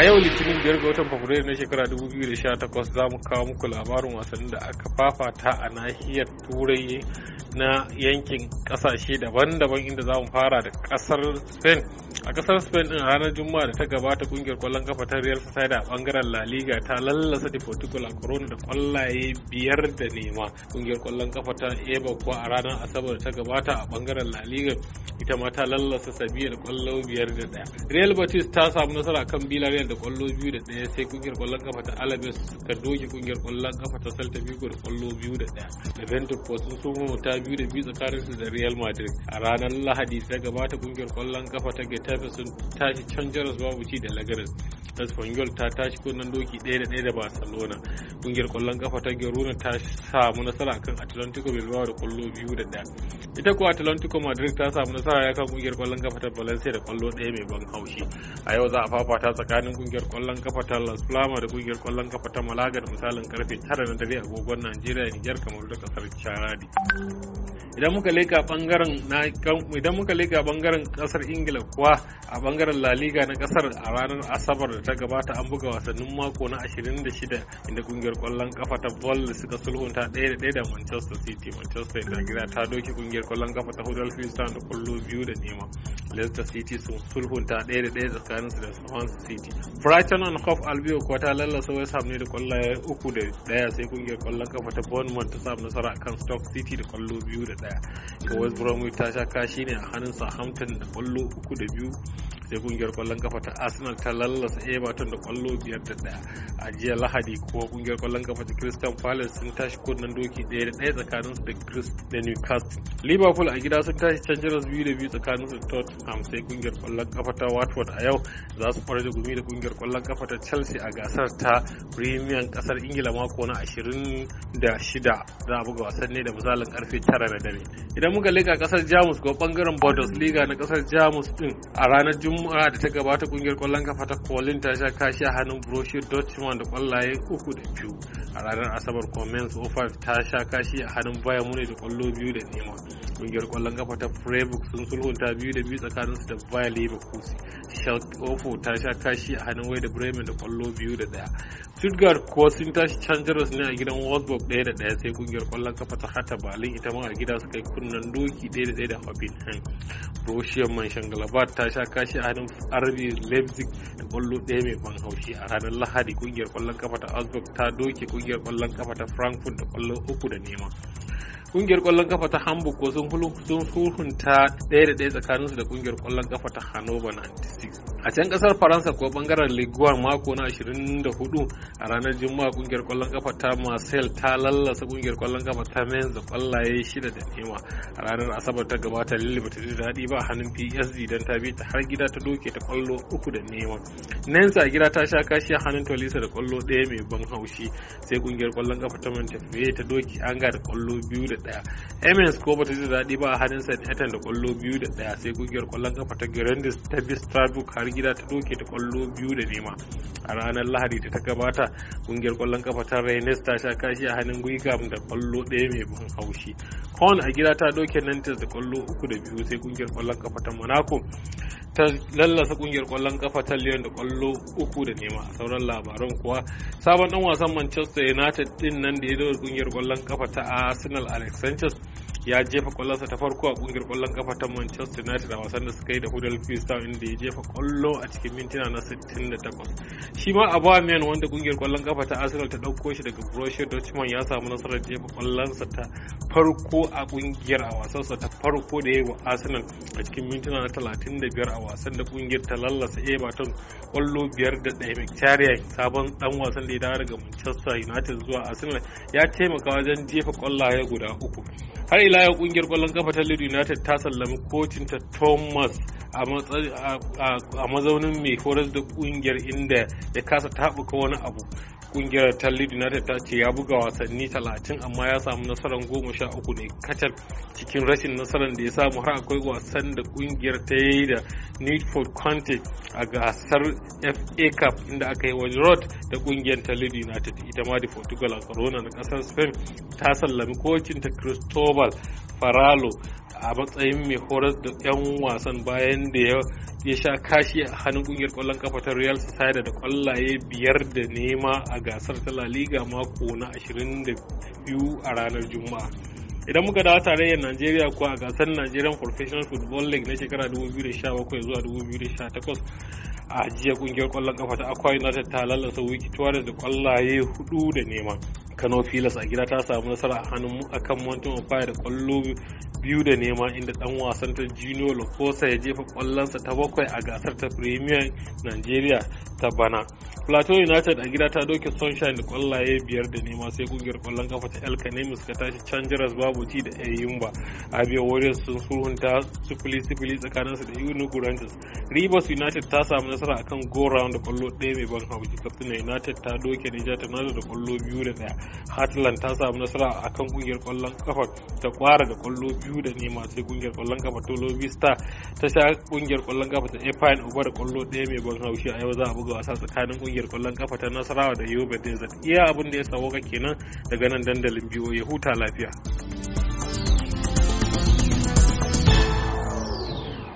a yau litinin biyar ga watan fabrairu na shekara 2018 za mu kawo muku labarin wasannin da aka fafata a nahiyar turai na yankin kasashe daban-daban inda za mu fara da kasar spain a kasar spain din ranar juma'a da ta gabata kungiyar kwallon kafa ta real sociedad a bangaren la liga ta lallasa da portugal a corona da kwallaye biyar da nema kungiyar kwallon kafa ta eba kuwa a ranar asabar da ta gabata a bangaren la liga ita ma ta lallasa sabiya da kwallo biyar da daya real Betis ta samu nasara kan villarreal da kwallo biyu da daya sai kungiyar kwallon kafa ta alaves ka doge kungiyar kwallon kafa ta celta vigo da kwallo biyu da daya juventus kuwa sun sumo ta biyu da biyu tsakaninsu da real madrid a ranar lahadi ta gabata kungiyar kwallon kafa ta geta littafi sun tashi can jaros babu ci da lagares espanyol ta tashi kunan doki ɗaya da ɗaya da barcelona ƙungiyar ƙwallon kafa ta girona ta samu nasara akan atlantico bilbao da kwallo biyu da ɗaya ita kuwa atlantico madrid ta samu nasara ya kan ƙungiyar ƙwallon kafa ta valencia da kwallo ɗaya mai ban haushi a yau za a fafata tsakanin ƙungiyar ƙwallon kafa ta las palmas da ƙungiyar ƙwallon kafa ta malaga da misalin karfe tara na dare agogon najeriya nijar kamar da kasar charadi idan muka leka bangaren na idan muka leka bangaren kasar ingila kuwa a bangaren La Liga na kasar a ranar Asabar da ta gabata an buga wasannin mako na 26 inda kungiyar kwallon kafa ta Ball suka sulhunta ɗaya da ɗaya da Manchester City Manchester United ta doke kungiyar kwallon kafa ta Huddersfield Town da kwallo biyu da nema Leicester City sun sulhunta ɗaya da ɗaya tsakanin su da Swansea City. Brighton and Hove Albion kuwa ta lallasa West Ham ne da kwallaye uku da ɗaya sai kungiyar kwallon kafa ta Bournemouth ta samu nasara akan Stoke City da kwallo biyu da ɗaya. Ga West Bromwich ta sha kashi ne a hannun Southampton da kwallo uku da biyu sai kungiyar kwallon kafa ta arsenal ta lallasa everton da kwallo biyar da daya a jiya lahadi kuma kungiyar kwallon kafa ta crystal palace sun tashi kunnen doki daya da daya tsakanin su da newcastle liverpool a gida sun tashi canjaras biyu da biyu tsakanin su da tottenham sai kungiyar kwallon kafa ta watford a yau za su fara da gumi da kungiyar kwallon kafa ta chelsea a gasar ta premier kasar ingila mako na 26 za a buga wasan ne da misalin karfe 9 na dare idan muka leka kasar jamus ko bangaren bundesliga na kasar jamus din a ranar juma'a juma'a da ta gabata kungiyar kwallon kafa ta kolin ta sha kashi a hannun brochure dutchman da kwallaye uku da biyu a ranar asabar commons 05 ta sha kashi a hannun bayan mune da kwallo biyu da neman kungiyar kwallon kafa ta Freiburg sun sulhunta biyu da biyu tsakanin su da Bayer Leverkusen. Schalke ta sha kashi a hannun wai da Bremen da kwallo biyu da daya. Stuttgart kuwa sun tashi Changers ne a gidan Wolfsburg daya da daya sai kungiyar kwallon kafa ta Hata balin ita ma a gida su kai kunnen doki daya da daya da Hoffenheim. Borussia Mönchengladbach ta sha kashi a hannun RB Leipzig da kwallo daya mai ban haushi a ranar Lahadi kungiyar kwallon kafa ta Augsburg ta doke kungiyar kwallon kafa ta Frankfurt da kwallo uku da nema. kungiyar kwallon kafa ta hamburg ko sun hulunta ɗaya da ɗaya tsakaninsu da kungiyar kwallon kafa ta hannover 96 a can kasar faransa ko bangaren liguan mako na 24 a ranar juma'a kungiyar kwallon kafa ta marcel ta lallasa kungiyar kwallon kafa ta menza da kwallaye shida da nema a ranar asabar ta gabata lili bata ji daɗi ba a hannun psd don ta bi ta har gida ta doke ta kwallo uku da nema nensa a gida ta sha kashi a hannun tolisa da kwallo ɗaya mai ban haushi sai kungiyar kwallon kafa ta montefiore ta doke anga da kwallo biyu da ɗaya emens ko bata ji daɗi ba a hannun sa da kwallo biyu da ɗaya sai kungiyar kwallon kafa ta grandis ta bi strasbourg har gida ta doke ta kwallo biyu da nema a ranar lahadi da ta gabata kungiyar kwallon kafa ta reynes ta sha kashi a hannun guigam da kwallo ɗaya mai ban haushi horn a gida ta doke nantes da kwallo uku da biyu sai kungiyar kwallon kafa ta monaco ta lallasa kungiyar kwallon kafa ta lyon da kwallo uku da nema a sauran labaran kuwa sabon dan wasan manchester united din nan da ya dawar kungiyar kwallon kafa ta arsenal alex sanchez ya jefa kwallonsa ta farko a kungiyar kwallon kafa ta Manchester United a wasan da suka yi da Huddersfield Town inda ya jefa kwallo a cikin mintuna na 68 shi ma Aubameyang wanda kungiyar kwallon kafa ta Arsenal ta dauko shi daga Borussia Dortmund ya samu nasarar jefa kwallonsa ta farko a kungiyar a wasansa ta farko da ya yi wa Arsenal a cikin mintuna na 35 a wasan da kungiyar ta lallasa Everton kwallo biyar da ɗaya Mkhitaryan sabon dan wasan da ya dawo daga Manchester United zuwa Arsenal ya taimaka wajen jefa kwallaye guda uku har ila yau kungiyar kwallon kafa ta Leeds United ta sallami kocin ta Thomas a mazaunin mai horas da kungiyar inda ya kasa tabuka wani abu kungiyar ta lead united ta ce ya buga wasanni talatin amma ya samu nasarar goma sha uku ne kacar cikin rashin nasarar da ya samu har akwai wasan da kungiyar ta yi da newport county a gasar fa cup inda aka yi wani road da kungiyar ta lead united ita ma da portugal a corona na kasar spain ta sallami kocinta cristobal faralo a matsayin mai horar da 'yan wasan bayan da ya sha kashi a hannun kungiyar kwallon kafa ta real Sociedad da kwallaye biyar da nema a gasar ta la liga mako na 22 a ranar juma'a idan muka dawo tarayyar najeriya ko a gasar nigerian professional football league na shekara 2017 zuwa 2018 a jiya kungiyar kwallon kafa ta aqua united ta lalasa wiki tuwa da kwallaye hudu da nema kano filas a gida ta samu nasara a hannun akan mountain of fire da kwallo biyu da nema inda dan wasan ta junior lokosa ya jefa kwallonsa ta bakwai a gasar ta premier nigeria ta bana plateau united a gida ta doke sunshine da kwallaye biyar da nema sai kungiyar kwallon kafa ta el kanemis ka tashi changers babu ci da a biyar warriors sun sulhunta sifili sifili tsakanin su da enugu rangers rivers united ta samu nasara akan go round da kwallo ɗaya mai ban jikar tunai united ta doke niger ta da kwallo biyu da daya heartland ta samu nasara akan kungiyar kwallon kafa ta kwara da kwallo biyu da nema sai kungiyar kwallon kafa ta Vista ta sha kungiyar kwallon kafa ta E-fine uba da kwallo ɗaya mai ban haushi a yau za a buga wasa tsakanin kungiyar kwallon kafa ta nasarawa da yobe desert iya abin da ya sawo kenan daga nan dandalin biyu ya huta lafiya.